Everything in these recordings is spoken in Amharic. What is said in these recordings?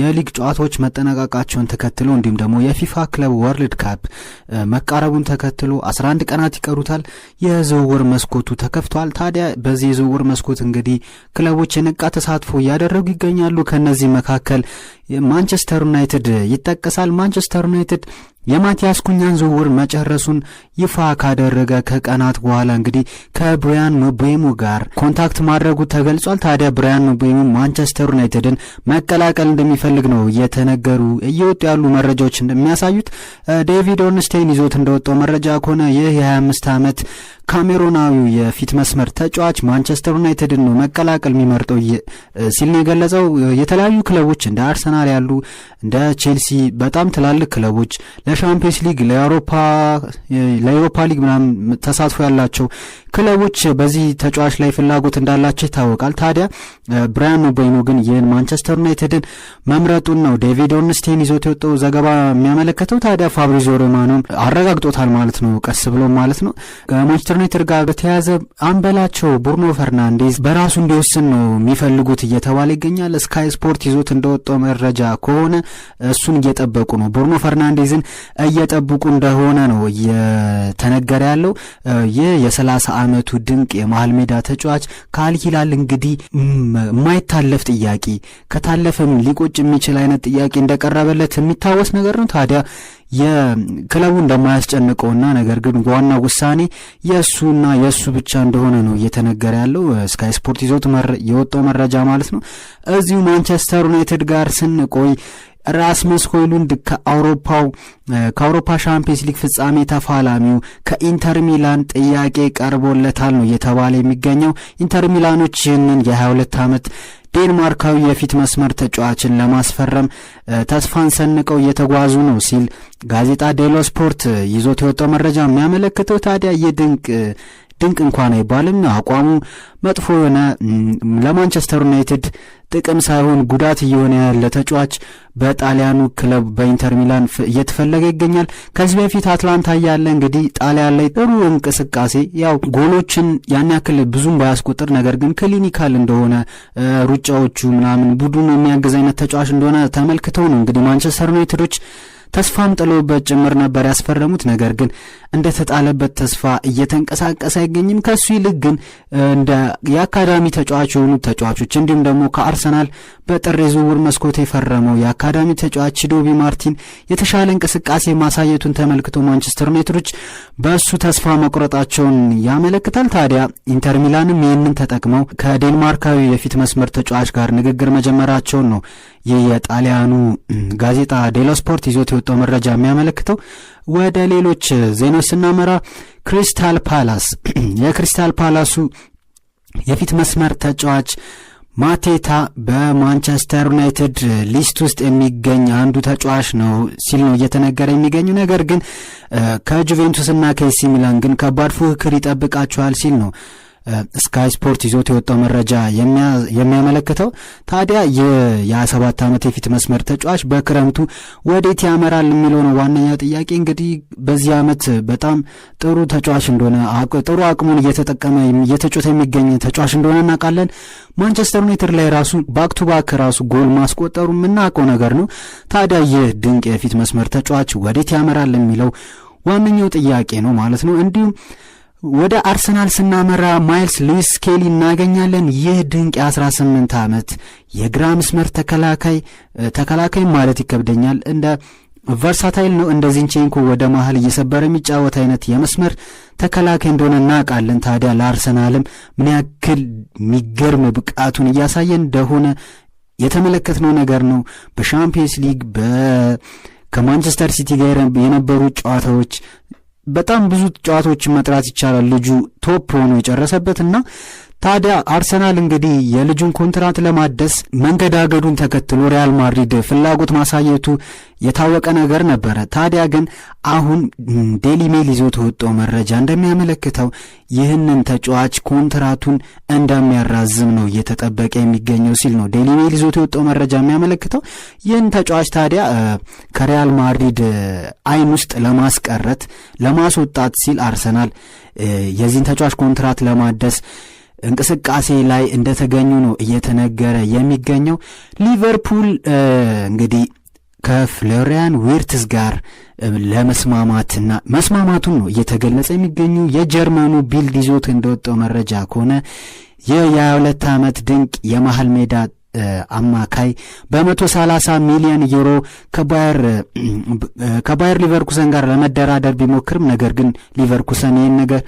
የሊግ ጨዋታዎች መጠናቀቃቸውን ተከትሎ እንዲሁም ደግሞ የፊፋ ክለብ ወርልድ ካፕ መቃረቡን ተከትሎ 11 ቀናት ይቀሩታል። የዝውውር መስኮቱ ተከፍቷል። ታዲያ በዚህ የዝውውር መስኮት እንግዲህ ክለቦች የነቃ ተሳትፎ እያደረጉ ይገኛሉ። ከእነዚህ መካከል ማንቸስተር ዩናይትድ ይጠቀሳል። ማንቸስተር ዩናይትድ የማቲያስ ኩኛን ዝውውር መጨረሱን ይፋ ካደረገ ከቀናት በኋላ እንግዲህ ከብሪያን ምቤሙ ጋር ኮንታክት ማድረጉ ተገልጿል። ታዲያ ብሪያን ምቤሙ ማንቸስተር ዩናይትድን መቀላቀል እንደሚፈልግ ነው እየተነገሩ እየወጡ ያሉ መረጃዎች እንደሚያሳዩት። ዴቪድ ኦርንስቴን ይዞት እንደወጣው መረጃ ከሆነ ይህ የ25 ዓመት ካሜሮናዊው የፊት መስመር ተጫዋች ማንቸስተር ዩናይትድን ነው መቀላቀል የሚመርጠው ሲል ነው የገለጸው። የተለያዩ ክለቦች እንደ አርሰናል አርሰናል ያሉ እንደ ቼልሲ በጣም ትላልቅ ክለቦች ለሻምፒየንስ ሊግ ለአውሮፓ ለአውሮፓ ሊግ ምናምን ተሳትፎ ያላቸው ክለቦች በዚህ ተጫዋች ላይ ፍላጎት እንዳላቸው ይታወቃል። ታዲያ ብራያን ምቤሞ ግን ይህን ማንቸስተር ዩናይትድን መምረጡን ነው ዴቪድ ኦርንስቴን ይዞት የወጣው ዘገባ የሚያመለክተው። ታዲያ ፋብሪዞ ሮማኖም አረጋግጦታል ማለት ነው፣ ቀስ ብሎ ማለት ነው። ከማንቸስተር ዩናይትድ ጋር በተያያዘ አንበላቸው ቡርኖ ፈርናንዴዝ በራሱ እንዲወስን ነው የሚፈልጉት እየተባለ ይገኛል። ስካይ ስፖርት ይዞት እንደወጣው መረጃ ከሆነ እሱን እየጠበቁ ነው፣ ቡርኖ ፈርናንዴዝን እየጠበቁ እንደሆነ ነው እየተነገረ ያለው ይህ የሰላሳ ዓመቱ ድንቅ የመሃል ሜዳ ተጫዋች ከአል ሂላል እንግዲህ የማይታለፍ ጥያቄ ከታለፈም ሊቆጭ የሚችል አይነት ጥያቄ እንደቀረበለት የሚታወስ ነገር ነው። ታዲያ የክለቡ እንደማያስጨንቀውና ነገር ግን ዋና ውሳኔ የእሱና የእሱ ብቻ እንደሆነ ነው እየተነገረ ያለው ስካይ ስፖርት ይዞት የወጣው መረጃ ማለት ነው። እዚሁ ማንቸስተር ዩናይትድ ጋር ስንቆይ ራስመስ ሆይሉንድ ከአውሮፓው ከአውሮፓ ሻምፒየንስ ሊግ ፍጻሜ ተፋላሚው ከኢንተር ሚላን ጥያቄ ቀርቦለታል ነው እየተባለ የሚገኘው። ኢንተር ሚላኖች ይህንን የ22 ዓመት ዴንማርካዊ የፊት መስመር ተጫዋችን ለማስፈረም ተስፋን ሰንቀው እየተጓዙ ነው ሲል ጋዜጣ ዴሎ ስፖርት ይዞት የወጣው መረጃ የሚያመለክተው ታዲያ ይህ ድንቅ ድንቅ እንኳን አይባልም። አቋሙ መጥፎ የሆነ ለማንቸስተር ዩናይትድ ጥቅም ሳይሆን ጉዳት እየሆነ ያለ ተጫዋች በጣሊያኑ ክለብ በኢንተር ሚላን እየተፈለገ ይገኛል። ከዚህ በፊት አትላንታ እያለ እንግዲህ ጣሊያን ላይ ጥሩ እንቅስቃሴ ያው ጎሎችን ያን ያክል ብዙም ባያስቆጥር፣ ነገር ግን ክሊኒካል እንደሆነ ሩጫዎቹ ምናምን ቡድኑ የሚያግዝ አይነት ተጫዋች እንደሆነ ተመልክተው ነው እንግዲህ ማንቸስተር ዩናይትዶች ተስፋም ጥሎበት ጭምር ነበር ያስፈረሙት። ነገር ግን እንደተጣለበት ተስፋ እየተንቀሳቀሰ አይገኝም። ከሱ ይልቅ ግን እንደ የአካዳሚ ተጫዋች የሆኑ ተጫዋቾች እንዲሁም ደግሞ ከአርሰናል በጥር ዝውውር መስኮት የፈረመው የአካዳሚ ተጫዋች ዶቢ ማርቲን የተሻለ እንቅስቃሴ ማሳየቱን ተመልክቶ ማንቸስተር ዩናይትዶች በእሱ ተስፋ መቁረጣቸውን ያመለክታል። ታዲያ ኢንተር ሚላንም ይህንን ተጠቅመው ከዴንማርካዊ የፊት መስመር ተጫዋች ጋር ንግግር መጀመራቸውን ነው ይህ የጣሊያኑ ጋዜጣ ዴሎ ስፖርት ይዞት የወጣው መረጃ የሚያመለክተው። ወደ ሌሎች ዜናዎች ስናመራ ክሪስታል ፓላስ የክሪስታል ፓላሱ የፊት መስመር ተጫዋች ማቴታ በማንቸስተር ዩናይትድ ሊስት ውስጥ የሚገኝ አንዱ ተጫዋች ነው ሲል ነው እየተነገረ የሚገኙ። ነገር ግን ከጁቬንቱስና ከኤሲ ሚላን ግን ከባድ ፉክክር ይጠብቃቸዋል ሲል ነው ስካይ ስፖርት ይዞት የወጣው መረጃ የሚያመለክተው ታዲያ የሰባት ዓመት የፊት መስመር ተጫዋች በክረምቱ ወዴት ያመራል የሚለው ነው ዋነኛ ጥያቄ። እንግዲህ በዚህ ዓመት በጣም ጥሩ ተጫዋች እንደሆነ ጥሩ አቅሙን እየተጠቀመ እየተጮተ የሚገኝ ተጫዋች እንደሆነ እናውቃለን። ማንቸስተር ዩናይትድ ላይ ራሱ ባክ ቱ ባክ ራሱ ጎል ማስቆጠሩ የምናውቀው ነገር ነው። ታዲያ ይህ ድንቅ የፊት መስመር ተጫዋች ወዴት ያመራል የሚለው ዋነኛው ጥያቄ ነው ማለት ነው እንዲሁም ወደ አርሰናል ስናመራ ማይልስ ሉዊስ ኬሊ እናገኛለን። ይህ ድንቅ የ18 ዓመት የግራ መስመር ተከላካይ ተከላካይ ማለት ይከብደኛል እንደ ቨርሳታይል ነው። እንደ ዚንቼንኮ ወደ መሀል እየሰበረ የሚጫወት አይነት የመስመር ተከላካይ እንደሆነ እናውቃለን። ታዲያ ለአርሰናልም ምን ያክል የሚገርም ብቃቱን እያሳየ እንደሆነ የተመለከትነው ነገር ነው። በሻምፒየንስ ሊግ ከማንቸስተር ሲቲ ጋር የነበሩ ጨዋታዎች በጣም ብዙ ጨዋታዎችን መጥራት ይቻላል። ልጁ ቶፕ ሆኖ የጨረሰበት እና ታዲያ አርሰናል እንግዲህ የልጁን ኮንትራት ለማደስ መንገዳገዱን ተከትሎ ሪያል ማድሪድ ፍላጎት ማሳየቱ የታወቀ ነገር ነበረ። ታዲያ ግን አሁን ዴሊ ሜል ይዞት ተወጣው መረጃ እንደሚያመለክተው ይህንን ተጫዋች ኮንትራቱን እንደሚያራዝም ነው እየተጠበቀ የሚገኘው ሲል ነው ዴሊ ሜል ይዞ ተወጣው መረጃ የሚያመለክተው። ይህን ተጫዋች ታዲያ ከሪያል ማድሪድ አይን ውስጥ ለማስቀረት ለማስወጣት ሲል አርሰናል የዚህን ተጫዋች ኮንትራት ለማደስ እንቅስቃሴ ላይ እንደተገኙ ነው እየተነገረ የሚገኘው። ሊቨርፑል እንግዲህ ከፍሎሪያን ዊርትስ ጋር ለመስማማትና መስማማቱን ነው እየተገለጸ የሚገኙ የጀርመኑ ቢልድ ይዞት እንደወጣው መረጃ ከሆነ የ22 ዓመት ድንቅ የመሀል ሜዳ አማካይ በ130 ሚሊዮን ዩሮ ከባየር ሊቨርኩሰን ጋር ለመደራደር ቢሞክርም ነገር ግን ሊቨርኩሰን ይህን ነገር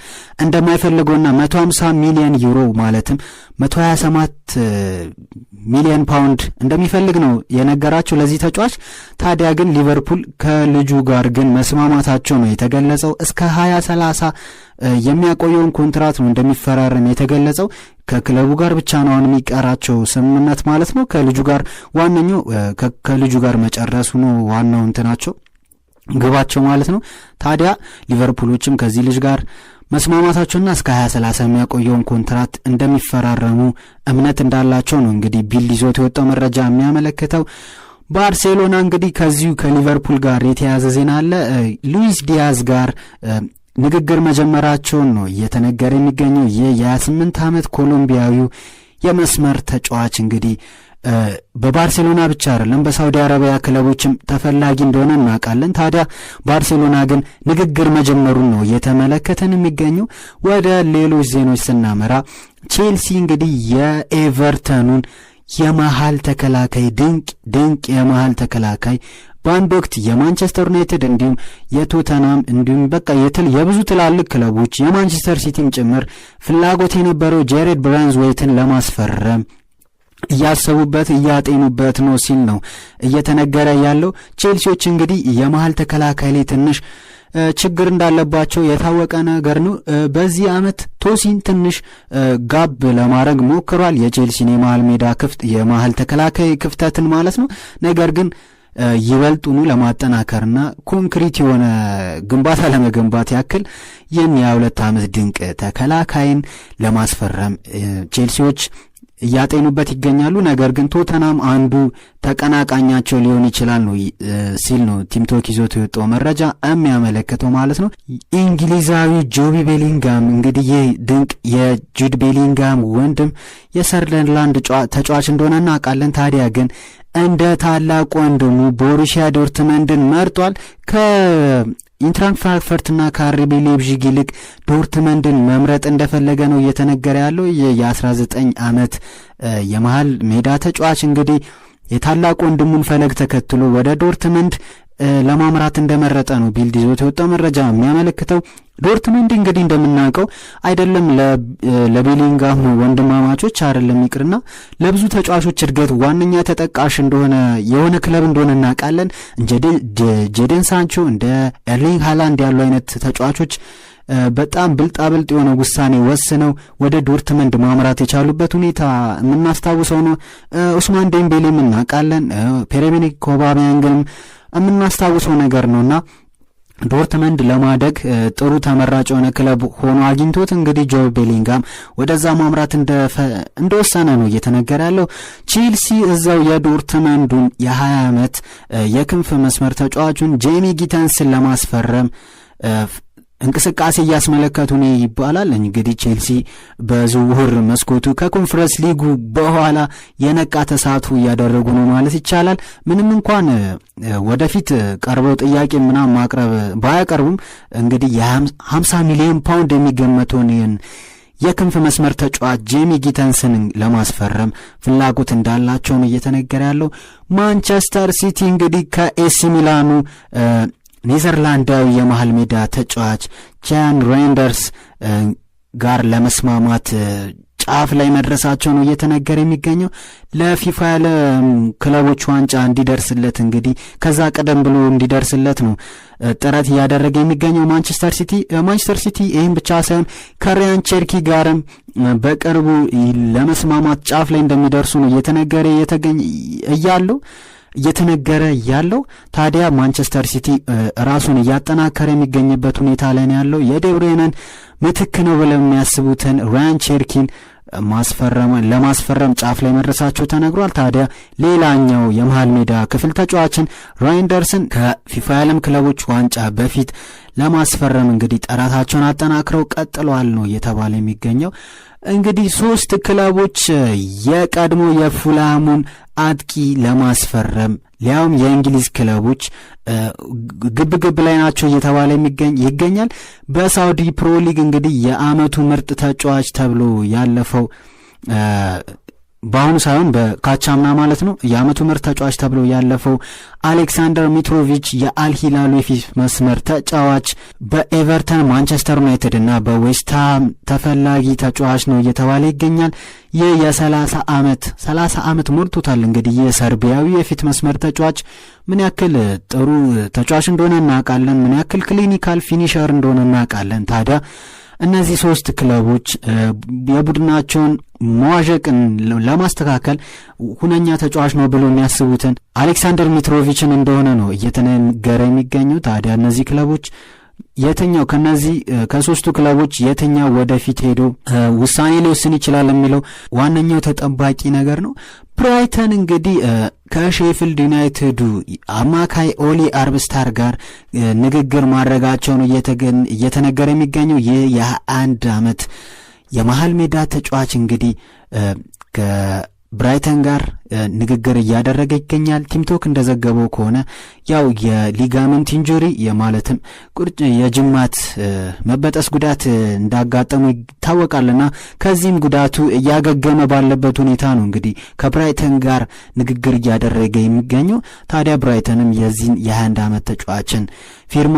እንደማይፈልገውና 150 ሚሊዮን ዩሮ ማለትም 127 ሚሊዮን ፓውንድ እንደሚፈልግ ነው የነገራቸው ለዚህ ተጫዋች። ታዲያ ግን ሊቨርፑል ከልጁ ጋር ግን መስማማታቸው ነው የተገለጸው። እስከ 2030 የሚያቆየውን ኮንትራት ነው እንደሚፈራረም የተገለጸው። ከክለቡ ጋር ብቻ ነው አሁን የሚቀራቸው ስምምነት ማለት ነው። ከልጁ ጋር ዋነኛው ከልጁ ጋር መጨረሱ ነው ዋናው እንትናቸው ግባቸው ማለት ነው። ታዲያ ሊቨርፑሎችም ከዚህ ልጅ ጋር መስማማታቸውና እስከ ሰላሳ የሚያቆየውን ኮንትራት እንደሚፈራረሙ እምነት እንዳላቸው ነው እንግዲህ ቢል ይዞት የወጣው መረጃ የሚያመለክተው። ባርሴሎና እንግዲህ ከዚሁ ከሊቨርፑል ጋር የተያዘ ዜና አለ። ሉዊስ ዲያዝ ጋር ንግግር መጀመራቸውን ነው እየተነገረ የሚገኘው። ይህ የ28 ዓመት ኮሎምቢያዊው የመስመር ተጫዋች እንግዲህ በባርሴሎና ብቻ አይደለም በሳውዲ አረቢያ ክለቦችም ተፈላጊ እንደሆነ እናውቃለን። ታዲያ ባርሴሎና ግን ንግግር መጀመሩን ነው እየተመለከተን የሚገኘው። ወደ ሌሎች ዜኖች ስናመራ ቼልሲ እንግዲህ የኤቨርተኑን የመሃል ተከላካይ ድንቅ ድንቅ የመሃል ተከላካይ በአንድ ወቅት የማንቸስተር ዩናይትድ እንዲሁም የቶተናም እንዲሁም በቃ የትል የብዙ ትላልቅ ክለቦች የማንቸስተር ሲቲም ጭምር ፍላጎት የነበረው ጄሬድ ወይትን ለማስፈረም እያሰቡበት እያጤኑበት ነው ሲል ነው እየተነገረ ያለው። ቼልሲዎች እንግዲህ የመሀል ተከላካይ ላይ ትንሽ ችግር እንዳለባቸው የታወቀ ነገር ነው። በዚህ አመት ቶሲን ትንሽ ጋብ ለማድረግ ሞክሯል፣ የቼልሲን የመሀል ሜዳ ክፍት የመሀል ተከላካይ ክፍተትን ማለት ነው። ነገር ግን ይበልጡኑ ለማጠናከርና ኮንክሪት የሆነ ግንባታ ለመገንባት ያክል ይህን የሁለት ዓመት ድንቅ ተከላካይን ለማስፈረም ቼልሲዎች እያጤኑበት ይገኛሉ። ነገር ግን ቶተናም አንዱ ተቀናቃኛቸው ሊሆን ይችላል ነው ሲል ነው ቲምቶክ ይዞት የወጣው መረጃ የሚያመለክተው ማለት ነው። እንግሊዛዊ ጆቢ ቤሊንጋም እንግዲህ ይህ ድንቅ የጁድ ቤሊንጋም ወንድም የሰንደርላንድ ተጫዋች እንደሆነ እናውቃለን። ታዲያ ግን እንደ ታላቁ ወንድሙ ቦሩሺያ ዶርትመንድን መርጧል። ከኢንትራንክ ፍራንክፈርትና ከአርቢ ሌብዥግ ይልቅ ዶርትመንድን መምረጥ እንደፈለገ ነው እየተነገረ ያለው። የ19 ዓመት የመሃል ሜዳ ተጫዋች እንግዲህ የታላቅ ወንድሙን ፈለግ ተከትሎ ወደ ዶርትመንድ ለማምራት እንደመረጠ ነው ቢልድ ይዞት የወጣው መረጃ የሚያመለክተው። ዶርትመንድ እንግዲህ እንደምናውቀው አይደለም ለቤሊንጋም ወንድማማቾች አይደለም ይቅርና ለብዙ ተጫዋቾች እድገት ዋነኛ ተጠቃሽ እንደሆነ የሆነ ክለብ እንደሆነ እናውቃለን። ጄደን ሳንቾ እንደ ኤርሊንግ ሃላንድ ያሉ አይነት ተጫዋቾች በጣም ብልጣብልጥ የሆነ ውሳኔ ወስነው ወደ ዶርትመንድ ማምራት የቻሉበት ሁኔታ የምናስታውሰው ነው። ኡስማን ዴምቤሌም እናውቃለን፣ ፔሬሜኒክ ኮባሚያንግንም የምናስታውሰው ነገር ነው እና ዶርትመንድ ለማደግ ጥሩ ተመራጭ የሆነ ክለብ ሆኖ አግኝቶት እንግዲህ ጆ ቤሊንጋም ወደዛ ማምራት እንደወሰነ ነው እየተነገረ ያለው። ቼልሲ እዛው የዶርትመንዱን የ20 ዓመት የክንፍ መስመር ተጫዋቹን ጄሚ ጊተንስን ለማስፈረም እንቅስቃሴ እያስመለከቱ ነው ይባላል። እንግዲህ ቼልሲ በዝውውር መስኮቱ ከኮንፈረንስ ሊጉ በኋላ የነቃ ተሳትፎ እያደረጉ ነው ማለት ይቻላል። ምንም እንኳን ወደፊት ቀርበው ጥያቄ ምናምን ማቅረብ ባያቀርቡም እንግዲህ የሀምሳ ሚሊዮን ፓውንድ የሚገመተውን የክንፍ መስመር ተጫዋች ጄሚ ጊተንስን ለማስፈረም ፍላጎት እንዳላቸው ነው እየተነገረ ያለው። ማንቸስተር ሲቲ እንግዲህ ከኤሲ ሚላኑ ኔዘርላንዳዊ የመሀል ሜዳ ተጫዋች ጃን ሬንደርስ ጋር ለመስማማት ጫፍ ላይ መድረሳቸው ነው እየተነገረ የሚገኘው። ለፊፋ ያለ ክለቦች ዋንጫ እንዲደርስለት እንግዲህ ከዛ ቀደም ብሎ እንዲደርስለት ነው ጥረት እያደረገ የሚገኘው ማንቸስተር ሲቲ። ማንቸስተር ሲቲ ይህም ብቻ ሳይሆን ከሪያን ቸርኪ ጋርም በቅርቡ ለመስማማት ጫፍ ላይ እንደሚደርሱ ነው እየተነገረ እያለው እየተነገረ ያለው ታዲያ ማንቸስተር ሲቲ ራሱን እያጠናከረ የሚገኝበት ሁኔታ ላይ ነው ያለው። የደብሬነን ምትክ ነው ብለው የሚያስቡትን ራያን ቼርኪን ማስፈረምን ለማስፈረም ጫፍ ላይ መድረሳቸው ተነግሯል። ታዲያ ሌላኛው የመሃል ሜዳ ክፍል ተጫዋችን ራይንደርስን ከፊፋ የዓለም ክለቦች ዋንጫ በፊት ለማስፈረም እንግዲህ ጥረታቸውን አጠናክረው ቀጥለዋል ነው እየተባለ የሚገኘው። እንግዲህ ሶስት ክለቦች የቀድሞ የፉላሙን አጥቂ ለማስፈረም ሊያውም የእንግሊዝ ክለቦች ግብ ግብ ላይ ናቸው እየተባለ ይገኛል። በሳውዲ ፕሮ ሊግ እንግዲህ የአመቱ ምርጥ ተጫዋች ተብሎ ያለፈው በአሁኑ ሳይሆን በካቻምና ማለት ነው የአመቱ ምርጥ ተጫዋች ተብሎ ያለፈው አሌክሳንደር ሚትሮቪች የአልሂላሉ የፊት መስመር ተጫዋች በኤቨርተን፣ ማንቸስተር ዩናይትድ እና በዌስትሃም ተፈላጊ ተጫዋች ነው እየተባለ ይገኛል። ይህ የሰላሳ ዓመት ሰላሳ ዓመት ሞልቶታል እንግዲህ ይህ ሰርቢያዊ የፊት መስመር ተጫዋች ምን ያክል ጥሩ ተጫዋች እንደሆነ እናውቃለን። ምን ያክል ክሊኒካል ፊኒሸር እንደሆነ እናውቃለን። ታዲያ እነዚህ ሶስት ክለቦች የቡድናቸውን መዋዠቅን ለማስተካከል ሁነኛ ተጫዋች ነው ብሎ የሚያስቡትን አሌክሳንደር ሚትሮቪችን እንደሆነ ነው እየተነገረ የሚገኘው። ታዲያ እነዚህ ክለቦች የትኛው ከነዚህ ከሶስቱ ክለቦች የትኛው ወደፊት ሄዶ ውሳኔ ሊወስን ይችላል የሚለው ዋነኛው ተጠባቂ ነገር ነው። ብራይተን እንግዲህ ከሼፊልድ ዩናይትዱ አማካይ ኦሊ አርብስታር ጋር ንግግር ማድረጋቸው ነው እየተነገረ የሚገኘው ይህ የአንድ አመት የመሀል ሜዳ ተጫዋች እንግዲህ ብራይተን ጋር ንግግር እያደረገ ይገኛል። ቲምቶክ እንደዘገበው ከሆነ ያው የሊጋመንት ኢንጆሪ የማለትም ቁርጭ የጅማት መበጠስ ጉዳት እንዳጋጠሙ ይታወቃልና ከዚህም ጉዳቱ እያገገመ ባለበት ሁኔታ ነው እንግዲህ ከብራይተን ጋር ንግግር እያደረገ የሚገኘው። ታዲያ ብራይተንም የዚህን የ21 ዓመት ተጫዋችን ፊርማ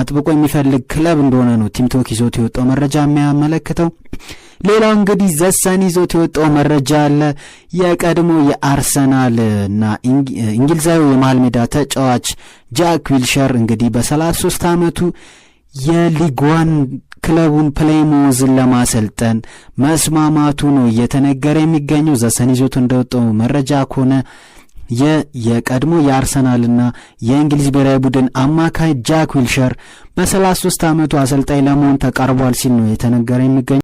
አጥብቆ የሚፈልግ ክለብ እንደሆነ ነው ቲምቶክ ይዞት የወጣው መረጃ የሚያመለክተው። ሌላው እንግዲህ ዘሰን ይዞት የወጣው መረጃ አለ። የቀድሞ የአርሰናል እና እንግሊዛዊ የመሃል ሜዳ ተጫዋች ጃክ ዊልሸር እንግዲህ በሰላሳ ሶስት ዓመቱ የሊጓን ክለቡን ፕሌሞዝን ለማሰልጠን መስማማቱ ነው እየተነገረ የሚገኘው። ዘሰን ይዞት እንደወጣው መረጃ ከሆነ የቀድሞ የአርሰናልና የእንግሊዝ ብሔራዊ ቡድን አማካይ ጃክ ዊልሸር በ33 ዓመቱ አሰልጣኝ ለመሆን ተቃርቧል ሲል ነው የተነገረ የሚገኘው።